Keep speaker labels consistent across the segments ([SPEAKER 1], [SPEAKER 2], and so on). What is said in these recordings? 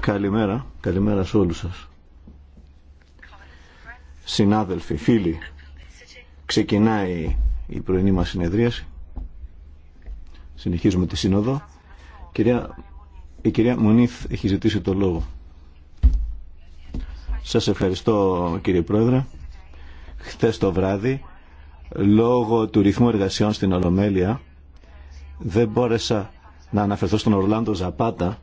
[SPEAKER 1] Καλημέρα, καλημέρα σε όλους σας. Συνάδελφοι, φίλοι, ξεκινάει η πρωινή μας συνεδρίαση. Συνεχίζουμε τη σύνοδο. Κυρία η κυρία Μουνίθ έχει ζητήσει το λόγο. Σας ευχαριστώ κύριε Πρόεδρε. Χθες το βράδυ, λόγω του ρυθμού εργασιών στην Ολομέλεια, δεν μπόρεσα να αναφερθώ στον Ορλάντο Ζαπάτα,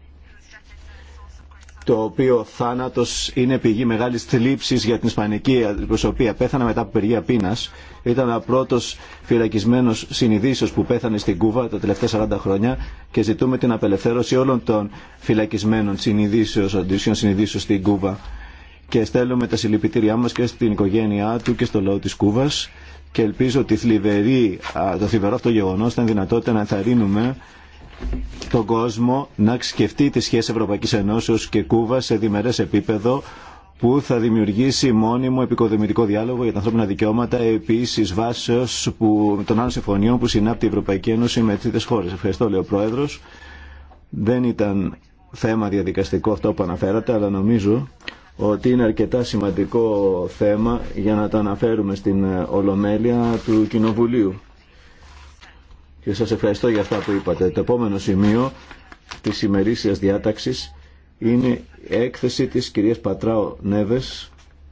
[SPEAKER 1] το οποίο Θάνατο είναι πηγή μεγάλη θλίψη για την ισπανική αντιπροσωπεία. Πέθανε μετά από περγία πείνα. Ήταν ο πρώτο φυλακισμένο συνειδήσεως που πέθανε στην Κούβα τα τελευταία 40 χρόνια και ζητούμε την απελευθέρωση όλων των φυλακισμένων συνειδήσεω, αντίστοιχων συνειδήσεω στην Κούβα. Και στέλνουμε τα συλληπιτήριά μα και στην οικογένειά του και στο λαό τη Κούβα και ελπίζω ότι το θλιβερό αυτό γεγονό ήταν δυνατότητα να ενθαρρύνουμε τον κόσμο να σκεφτεί τη σχέση Ευρωπαϊκής Ενώσεως και Κούβα σε διμερές επίπεδο που θα δημιουργήσει μόνιμο επικοδομητικό διάλογο για τα ανθρώπινα δικαιώματα επίση βάσεω των άλλων συμφωνιών που συνάπτει η Ευρωπαϊκή Ένωση με τρίτε χώρε. Ευχαριστώ, λέει ο Πρόεδρος. Δεν ήταν θέμα διαδικαστικό αυτό που αναφέρατε, αλλά νομίζω ότι είναι αρκετά σημαντικό θέμα για να το αναφέρουμε στην Ολομέλεια του Κοινοβουλίου και σας ευχαριστώ για αυτά που είπατε. Το επόμενο σημείο της ημερήσιας διάταξης είναι η έκθεση της κυρίας Πατράου Νέβες